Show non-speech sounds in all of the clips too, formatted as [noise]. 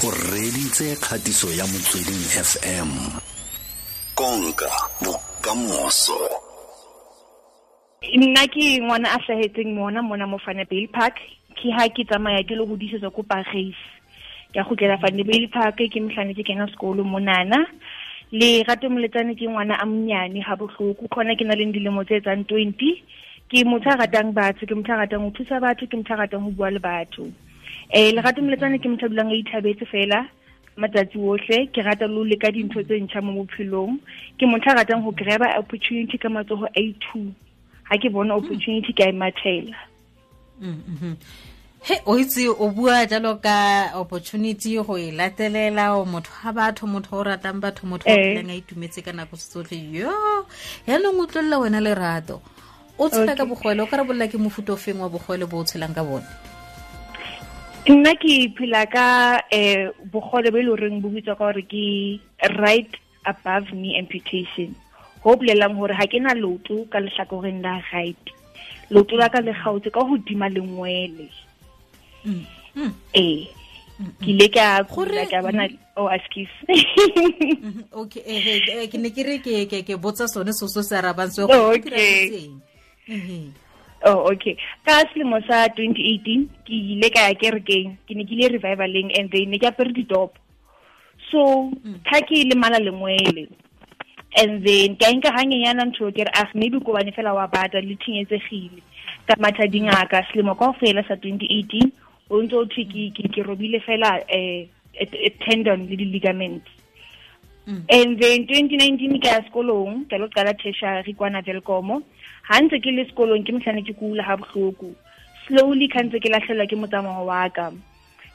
o reditse kgatiso ya motsweding fm konka bokamoso nna ke ngwana a tlhagetseng mona mona mo fanabale park ke ha ke tsamaya ke le godisetswa ko ka ke a gokela fanabale park ke motlhane ke kena sekolo monana le rate moletsane ke ngwana a mnyane ga botlhoko kgona ke na leng dilemo tse tsang twenty ke motho a ratang batho ke motho a ratang go thusa batho ke motho a ratang go bua le batho eh legato moletsane ke motho a dulang a ithabetse fela matsatsi otlhe ke rata lo ka dintho tse ntšha mo bophelong ke motho a ratang go greba opportunity ka matsogo a two ga ke bona opportunity ka e mathela mm, mm-hmm. he o itse o bua jalo ka opportunity go e latelela o motho ga batho motho o ratang batho motho o eh. dulang a itumetse ka nako setsotlhe yo yaanong o tlolela wena lerato o tshela ka bogwele o ka re bolola ke mofuto feng wa bogwele bo o tshelang ka bone nna ke phela ka eh bogole bo e le goreng bo bitswa ka gore ke right above me amputation go bolelang gore ga ke na loto ka letlhakoreng la gaete loto la ka le gaotse ka godima lengwele mm, mm. ee eh, mm, ke ile ka ka bana o askis okay eh, eh ke ne ke re ke ke botsa sone so so se arabang se go okay Oh okay. Ka selemo sa 2018 ke ile ka ya kerekeng. Ke ne ke ile revivaleng and then ne ke apere ditopo. So tha mm. ke le mala lengwele. And then ka nka yana ntho ke re ah maybe ko bane fela wa bata le thinyetsegile. Ka matha dingaka selemo kaofela sa 2018 o ntse o thwe ke robile fela um tendon le di-ligaments Mm. and then 2019 ke ya sekolong ke lo qala tertiary kwana velkomo ha ntse ke le sekolong ke motlhane ke kula ha bohloko slowly ka ntse ke latlhelwa ke motsamao wa ka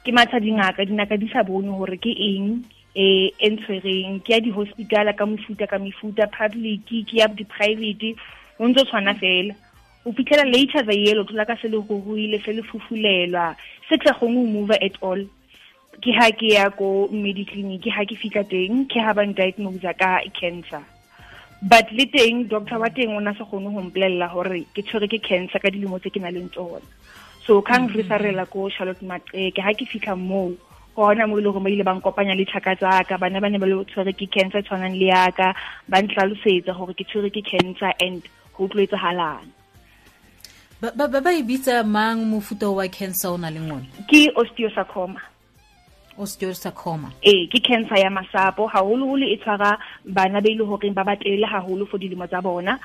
ke matha dingaka dinaka di sa bone gore ke eng eh, e eh, entshwereng ke ya di-hospitala ka mofuta ka mefuta public ke ya di-private o ntse o tshwana fela o fitlhela later the yellow tlola ka se le gogoile se le fufulelwa se tle gongwe o mover at all ke ha ke ya ko medi clinic ha ke fika teng ke ha ba diagnose ka cancer but le teng doctor wa teng o na se kgone ho mpolella hore ke tshwere ke cancer ka dilemo tse ke na leng tsona so kang re sa rela ko Charlotte Maqeke ha ke fika moo ka hona mo ile e go ba ile ba nkopanya le tlhaka tsa ka bana ba ne ba le tshwere ke cancer e tshwanang le ya ka ba ntlalosetsa gore ke tshwere ke cancer and go tloetsa halang ba ba ba e bitsa mang mofuta wa cancer o na leng one ke osteosarcoma osteosarcoma ee ke cancer ya masapo haholoholo e tshwara bana ba e leng ba batlele haholo for dilemo tsa bona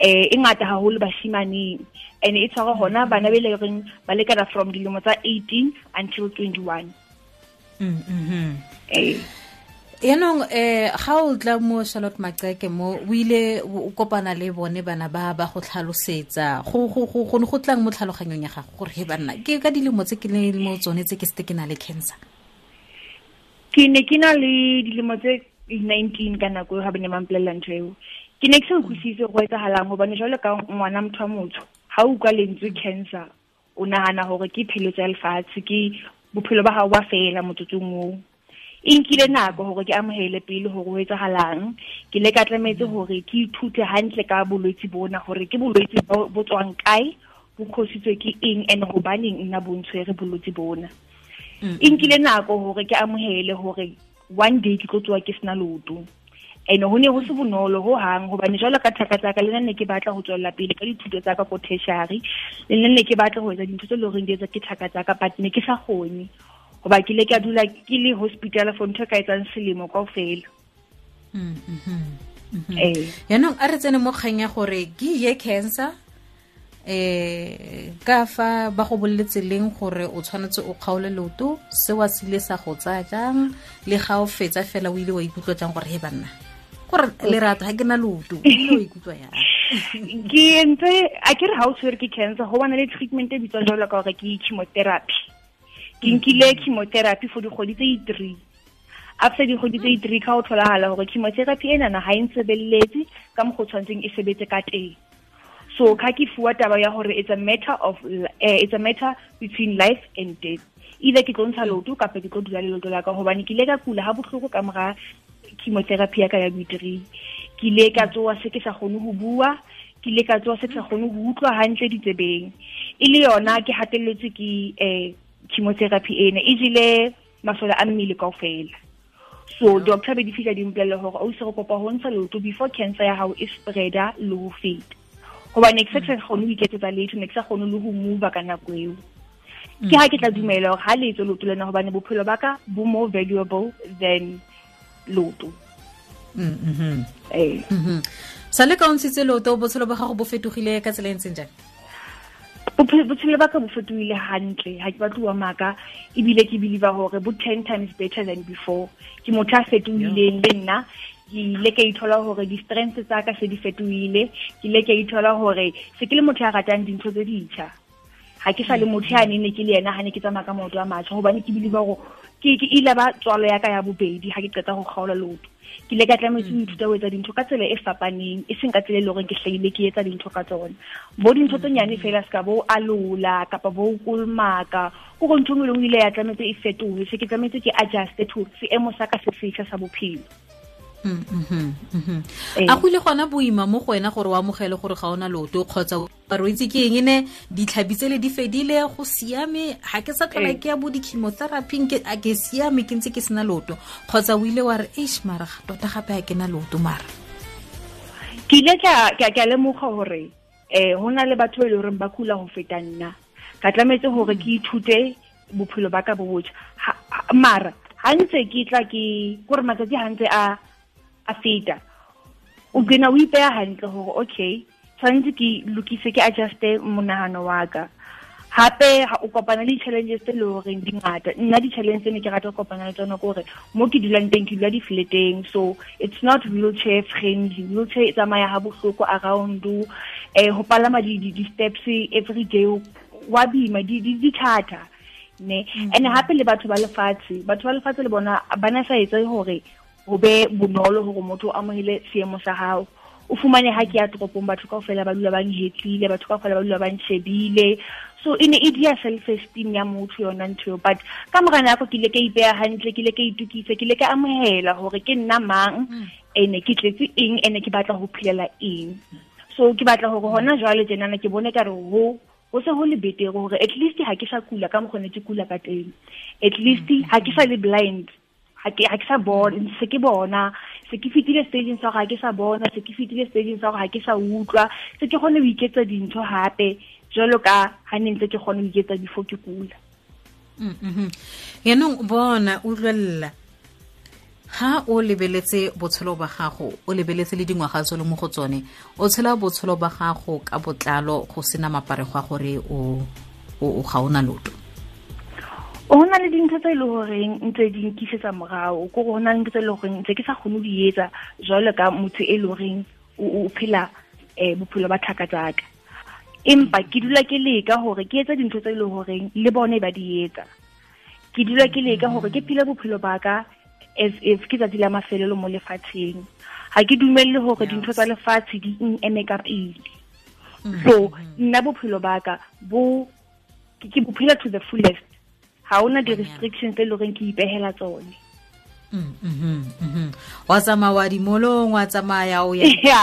um e ngata haholo bashimaneng and e tshwara gona bana ba e goreng ba lekana from dilemo tsa 18 until 21 mm -hmm. ee yaanong um eh, ga o tla mo charlotte maqeke mo o ile o kopana le bone bana ba ba go tlhalosetsa go ne go tlang mo tlhaloganyong ya gago gore he banna ke ka dilemo tse ke le mo tsone tse ke sete ke na le cancer ke ne ke na le dilemo tse 19 ka nako eo ga bane mampolelela ntho eo ke ne ke sa utlwisise go etsagalang gobane jalo ka ngwana motho wa motho ga o utlwa lentswe cancer o nagana gore ke pheletso ya lefatshe ke bophelo ba gago ba fela motsotsong oo e nkile nako gore ke amogele pele gore o etsagalang ke le ka tlametse gore ke ithute hantle ka bolwetse bona gore ke bolwetse bo tswang kae bo khositswe ke eng and gobaneng nna bontshwere bolwetse bona e nkile nako gore ke amogele gore one day ke tlo tsowa ke sena loto and go ne go se bonolo go hang gobane jalo ka thaka tsaka le nne ke batla go tswelela pele ka dithuto tsaka ko tertiary le nne ke batla go etsa dintho tse loreng di etsa ke thaka tsaka but ne ke sa kgone hoba ke le dula ke le hospital for ntho e ka etsang selemo fela jaanong mm-hmm. mm-hmm. eh. a re tsene mo kgang ya gore ke ye cancer eh ka fa ba go bolletse leng gore o tshwanetse o kgaole leoto se wa sile sa go tsaya jang le ga o fetsa fela o ile wa ikutlwa jang gore he banna gore lerato ga ke na leoto o ile wa ikutlwa yang [laughs] ke ntse a ke re ga o tshwere ke cancer go bana le treatment e bitswang jalo ka gore ke chemotherapy ke mm-hmm. nkile chemotherapy for dikgwedi tse three after dikgwedi tse mm-hmm. three ka e o tlholagala gore chemotherapy e nana ga e nsebeleletse ka mo go tshwanetseng e sebetse ka teng so ka ke fuwa taba ya gore it's a matter of uh, it's a matter between life and death either ke tlo ntsha loto kapa ke tlo dula le loto la ka gobane ke ile ka kula ga botlhoko ka moga chemotherapy ya ka ya boitiri ke ile ka tsoa se ke sa kgone go bua ke ile ka tsoa se ke sa kgone go utlwa gantle ditsebeng e le yona ke gateletswe ke um chemotherapy ene e jele masole a mmele kao fela so doctor be di fitlha di gore o ise go kopa go ntsha loto before cancer ya gago e spreada le go feta goba ne ke se ke kgone go iketsetsa letho ne ke sa kgone le go move ka nako eo ke ha ke tla dumela gore ha letso loto lena gobane bophelo ba ka bo more valuable than loto mm, mm-hmm. Eh. Mm-hmm. sa le ka o ntshitse loto botshelo ba gago bo fetogile ka tsela e ntseng jang botshelo ba ka bo fetogile hantle ha ke batle wa maka ebile ke believe gore bo 10 times better than before ke motho a fetogileng le nna ke ile ka ithola gore di-strength tsa ka se di fetoile ke ile ka ithola gore se ke le motho ya ratang dintho tse ditjha ga ke sa le motho ya ne ke le yena ga ne ke tsamaya ka maoto a matjha gobane ke bile ba go ke ke ile ba tswalo ya ka ya bobedi ga ke qeta go kgaola loto ke ile ka tlametse o ithuta ho etsa dintho ka tsela e fapaneng e seng ka tsela e leng ke hlahile ke etsa dintho ka tsone bo dintho tse nyane fela se ka bo alola kapa bo kolomaka ko go ntho e nngwe le e nngwe e ile ya tlametse e fetoge se ke tlametse ke adjuste to seemo sa ka se setjha sa bophelo Mm-hmm, mm-hmm, mm-hmm. Ee. a go ile gona boima mo go wena gore o amogele gore ga ona loto kgotsa re itse ke eng e ne ditlhabi tsele di fedile go siame ga ke sa tlhola ee. ke ya bo di a ke siame ke ntse ke sena loto kgotsa o ile wa re ash mara tota gape a ke na loto mara ke ile ka lemoga gore um eh, go na le batho ba e le goreng ba kula go feta nna ka tlametse gore ke ithute bophelo ba ka bo botšha mara gantse ntse ke tla ke kore matsatsi gantse ntse a a feta o gena o ipeya gantle gore okay tshwanetse ke lokise ke adjuste monagano wa ka gape o kopana le di-challenges tse le goreng di ngata nna di-challenge tse ne ke rata go kopana le tsona ke gore mo ke dulang teng ke dula di-flateng so it's not wheelchair friendly wheelchair e tsamaya ga bohloko aroundo eh, um go palama di-steps every day wa bima di-thata ne mm -hmm. and hape le batho ba lefatshe batho ba lefatshe le bona ba na sa etse gore go be bonolo gore motho o amogile seemo sa gago o fumane ha ke ya toropong batho ka ofela ba dula ba ngetlile batho ka ofela ba dula ba nshebile so e ne e dia self esteem ya motho yona ntho eo but ka mora nako ke ile ka ipeya hantle ke ile ka itukise ke ile ka amohela gore ke nna mang mm. ene ke tletse eng ene ke batla go phelela eng so ke batla gore hona jwale jenana ke bone ka re ho go se go le betere gore at least ha ke sa kula ka mokgone ke kula ka teng at least ha ke sa le blind ga ke sa bona se ke bona se ke fitile stageng sa go ga ke sa bona se ke fitile stageng sa go ga ke sa utlwa se ke kgone go iketsa dintho hape jalo ka ga ne ntse ke kgone go iketsa before ke kula mhm mm, mm, mm. yaanong bona utlwelela ha o lebeletse botshelo ba gago o lebeletse le dingwaga tse le mo go tsone o tshela botshelo ba gago ka botlalo go sena maparego a gore o o ga ona loto o na le dintho tse e le goreng ntse di nkisetsa morago ko go na le ntho tse e le goreng ntse ke sa kgone go di etsa jalo ka motho e le goreng o phela um bophelo ba tlhaka tsaka empa ke dula ke leka gore ke etsa dintho tse e le goreng le bone ba di etsa ke dula ke leka gore ke phele bophelo ba ka as if ke tsatsi la mafelelo mo lefatsheng ga ke dumelele gore dintho tsa lefatshe di n eme ka pele mm-hmm. so mm-hmm. nna bophelo ba ka bo ke bophela to the fullest ha hona di-restrictions tse e ke ipehela tsone mm, mm-hmm, mm-hmm. wa tsamaya wa dimolong wa tsamaya o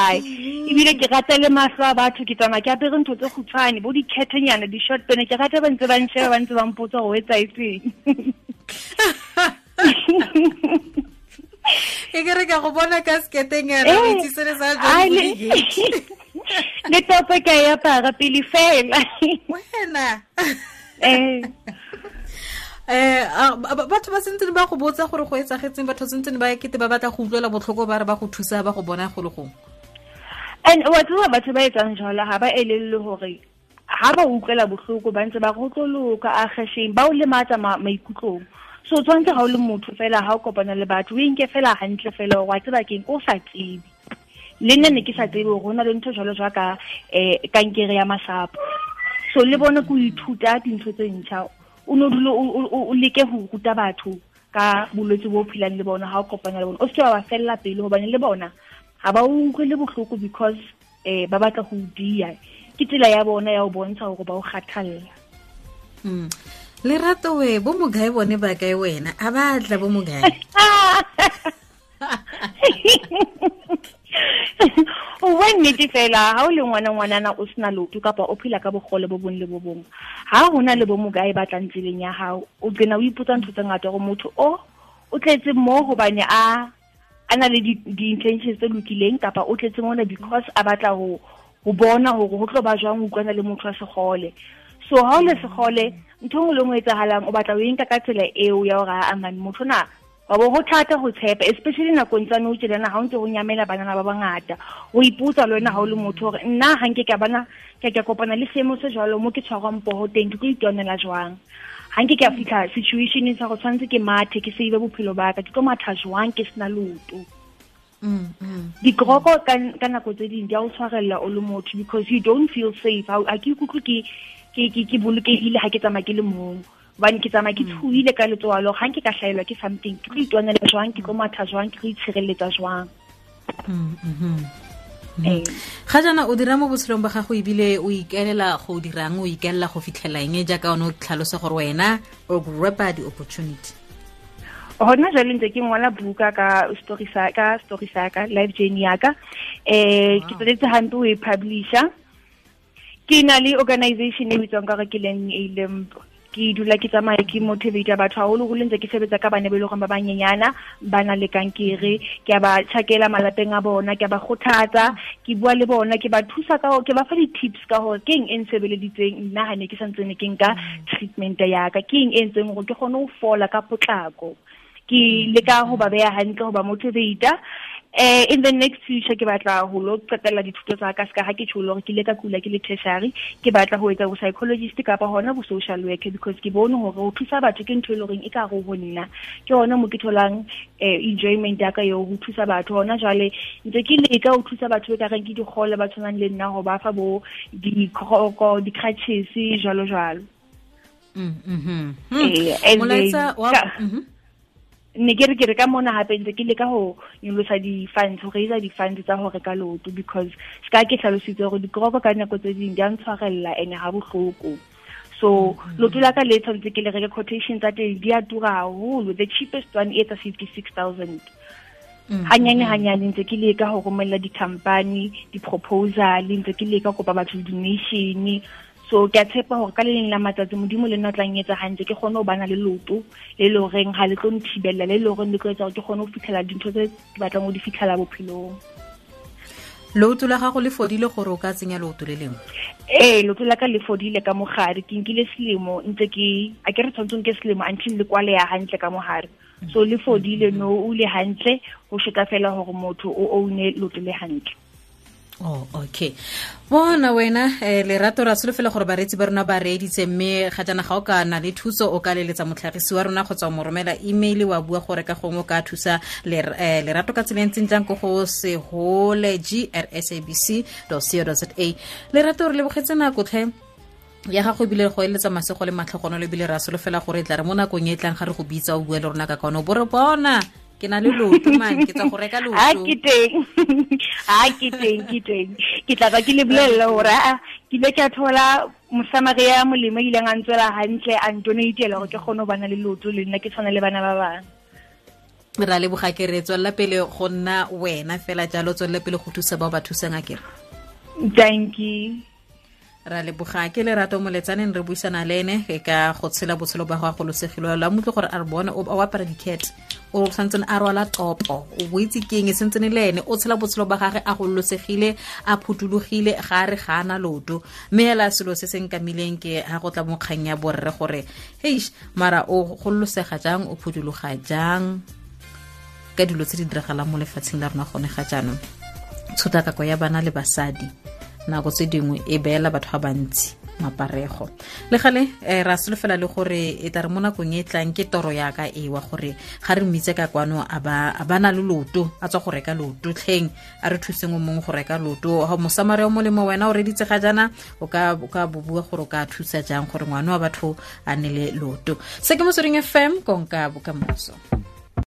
[laughs] ebile ke rata le mahlo a batho ke tsamaya ke apere ntho tse khutshwane bo dikhethenyana di-short pene ke rata ba ntse ba nsheba ba ntse ba mpotsa gore o etsaetseng [laughs] e ke re ka go bona ka sketeng eh, se sere sa le [laughs] tope ka e apara pele fela wena eh um batho ba sentse ba go botsa gore go etsagetseng batho sentse ba ekete ba batla go utlwela botlhoko ba re ba go thusa ba go bona go le gongwe and wa tseba batho ba etsang jalo ga ba elelele gore ga ba utlwela botlhoko ba ntse ba go tloloka a gesheng ba o lematsa maikutlong so tshwanetse ga o le motho fela ga o kopana le batho o enke fela gantle fela gore wa tseba keng o sa tsebe le nne ne ke sa tsebe go na le ntho jalo jaaka um eh, kankere ya masapo so le bone ko ithuta dintho tse ntšha o no dule o leke go ruta batho ka bolwetse bo o phelang le bona ga o kopanya le bona o seke wa ba felela pele hobane le bona ga ba utlwe le bohloko because eh ba batla go dia ke tsela ya bona ya o bontsha hore ba o gathalela mm. lerato we bo mogae bone ba kae wena a batla bo mokae [laughs] [laughs] [laughs] o bua nnete fela ga o le ngwana ngwanana o sena loto kapa o phela ka bogole bo bong le bo bong ga go na le bo mokae batlang tseleng ya gago o gena o ipotsa ntho tse ngata gore motho o o tletse mo gobane a a na le di-intentions tse lokileng kapa o tletse mona because a batla go bona gore go tlo ba jwang o utlwana le motho wa segole so ha o le segole ntho e nngwe le e nngwe e tsagalang o batla o enka ka tsela eo ya gore a amane motho na wa bo go thata go tshepa especially nakong tsa nou tselena ga o ntse go nyamela banana ba bangata o ipotsa le wena ga o le motho gore nna ga nke ka bana ke ka kopana le seemo se jalo mo ke tshwarwang pogo teng ke ko itonela jwang ga nke ke a fitlha situationeng sa go tshwanetse ke mathe ke seibe bophelo ba ka ke tlo matha jwang ke sena loto mm, mm. dikroko ka nako tse dingwe di a o tshwarelela o le motho because you don't feel safe ga ke ikutlwe ke bolokegile ga ke tsamaya ke le mongwe gobane ke tsamaya ke mm. tshoile ka letsoalo ga nke ka tlhaelwa ke something ke tlo itwanela jwang ke tlo matha jwang ke tlo itshireletsa jwang mm, mm-hmm. mm-hmm. eh. ga jaana o dira mo botshelong ba gago ebile o ikaelela go dirang o ikaelela go fitlhela eng jaaka one o tlhalose gore wena o grapa di-opportunity gona jalo ntse ke ngwala buka ka story sa ka story sa ka eh, ke tsetse hampe o e publisher ke na le organization e bitswang ka gore ke leng a lempo ke dula ke tsamaya ke motivata batho haholo le ntse ke sebetsa ka bana ba ile ba banyenyana ba na le kankere ke ba tshakela malapeng a bona ke ba gothatsa ke bua le bona ke ba thusa ka ke ba fa di-tips ka gore ke eng e nsebeleditseng nna ga ne ke santsene ke nka treatment ya ka ke eng e ntseng gore ke kgone ho fola ka potlako ke mm. leka ho ba beya hantle ho ba motivata eh in the next future ke batla go lo qetella dithuto tsa ka ska ha ke tsholo ke le ka kula ke le tertiary ke batla go etsa bo psychologist kapa hona bo social worker because ke bone hore ho thusa batho ke ntho e e ka go ho nna ke hona mo ke tholang eh enjoyment ya ka yo go thusa batho hona jwale ntse ke leka go thusa batho ba e ka reng ke di gole ba tshwanang le nna go ba fa bo di kroko di crutches jwalo jwalo mm mhm mm. eh, molaetsa ne ke re ke re ka mona gape ntse ke leka go nyolosa di-funds go reisa di-funds tsa go reka loto because se ka ke tlhalositse gore dikoroko ka nako tse dingwe di a ntshwarelela and-e ga bohloko so mm-hmm. loto la ka le tshwanetse ke le reke quotation tsa teng di a tura gagolo the cheapest one e tsa fifty six thousand ganyane-ganyane mm-hmm. ntse ke leka go romelela di-company di-proposal ntse ke le ka kopa batho donation so ke a tshepa gore ka le leng la matsatsi modimo le nna o tlang etsa gantle ke kgone go bana le loto le le goreng ga le tlo nthibelela le le goreng le tlo etsa gore ke kgone go fitlhela dintho tse ke batlang go di fitlhela bophelong loto la gago le fodile gore o ka tsenya loto le lengwe ee loto la ka le fodile ka mogare ke nkile selemo ntse ke a ke re tshwantseng ke selemo until le kwale ya gantle ka mogare so le fodile no o le hantle go sheka fela gore motho o one loto le hantle oh okay bona wena eh, lerato ra solofela gore bareetsi ba rona ba reeditse mme ga jana ga o ka na le thuso o ka leletsa motlhagisi wa rona kgotsa o mo romela email wa bua gore ka gongwe o ka thusa eh, lerato ka tsela e ntseng jang ko go seholegi r sabc co za lerato re lebogetse nakotlhe ya gago ebile go eletsa masego le matlhogonolo ebile re a solofela gore e tla re mo nakong e e tlang ga re go bitsa o bua le rona ka kaone o bo re bona ke na le loto [laughs] man ke tsa go reka loto a ke teng [laughs] a ke teng ke teng ke tla ka ke le bolella gore a ah, ke ile ka thola mosamage ya molemo ile nga ntswela hantle a ntonatela gore ke kgone go bana le loto le nna ke tshwana le bana ba bang ra a leboga kere tswelela pele go nna wena fela jalo tswelela pele go thusa bao ba thusang akere thank you ra leboga ke lerato moletsaneng re buisana le ene e ka go tshela botshelo ba go agolosegilo la mutlo gore a re bone o apara dicat o santsene a rwala topo o boitse keng e santsene le ene o tshela botshelo ba gage a gololosegile a phutulogile ga a re ga ana loto mme hela selo se se nkamileng ke ga go tla mokgang ya borre gore heish mara o gololosega jang o phutologa jang ka dilo tse di diragalang mo lefatsheng la rona gone ga jaanong tshotakako ya bana le basadi nako tse dingwe e beela batho ba bantsi maparego le gale re eh, ra solofela le gore e tla re mo nakong e tlang ke toro yaka ewa gore ga re mmitse ka kwano a ba na le loto a tswa go reka loto tlheng a re thuseng o mongwe go reka loto mosamare o molemo wena o reditse ga jaana o ka bobua gore o ka thusa jang gore ngwana wa batho a ne le loto se ke mosering fm konka bokamoso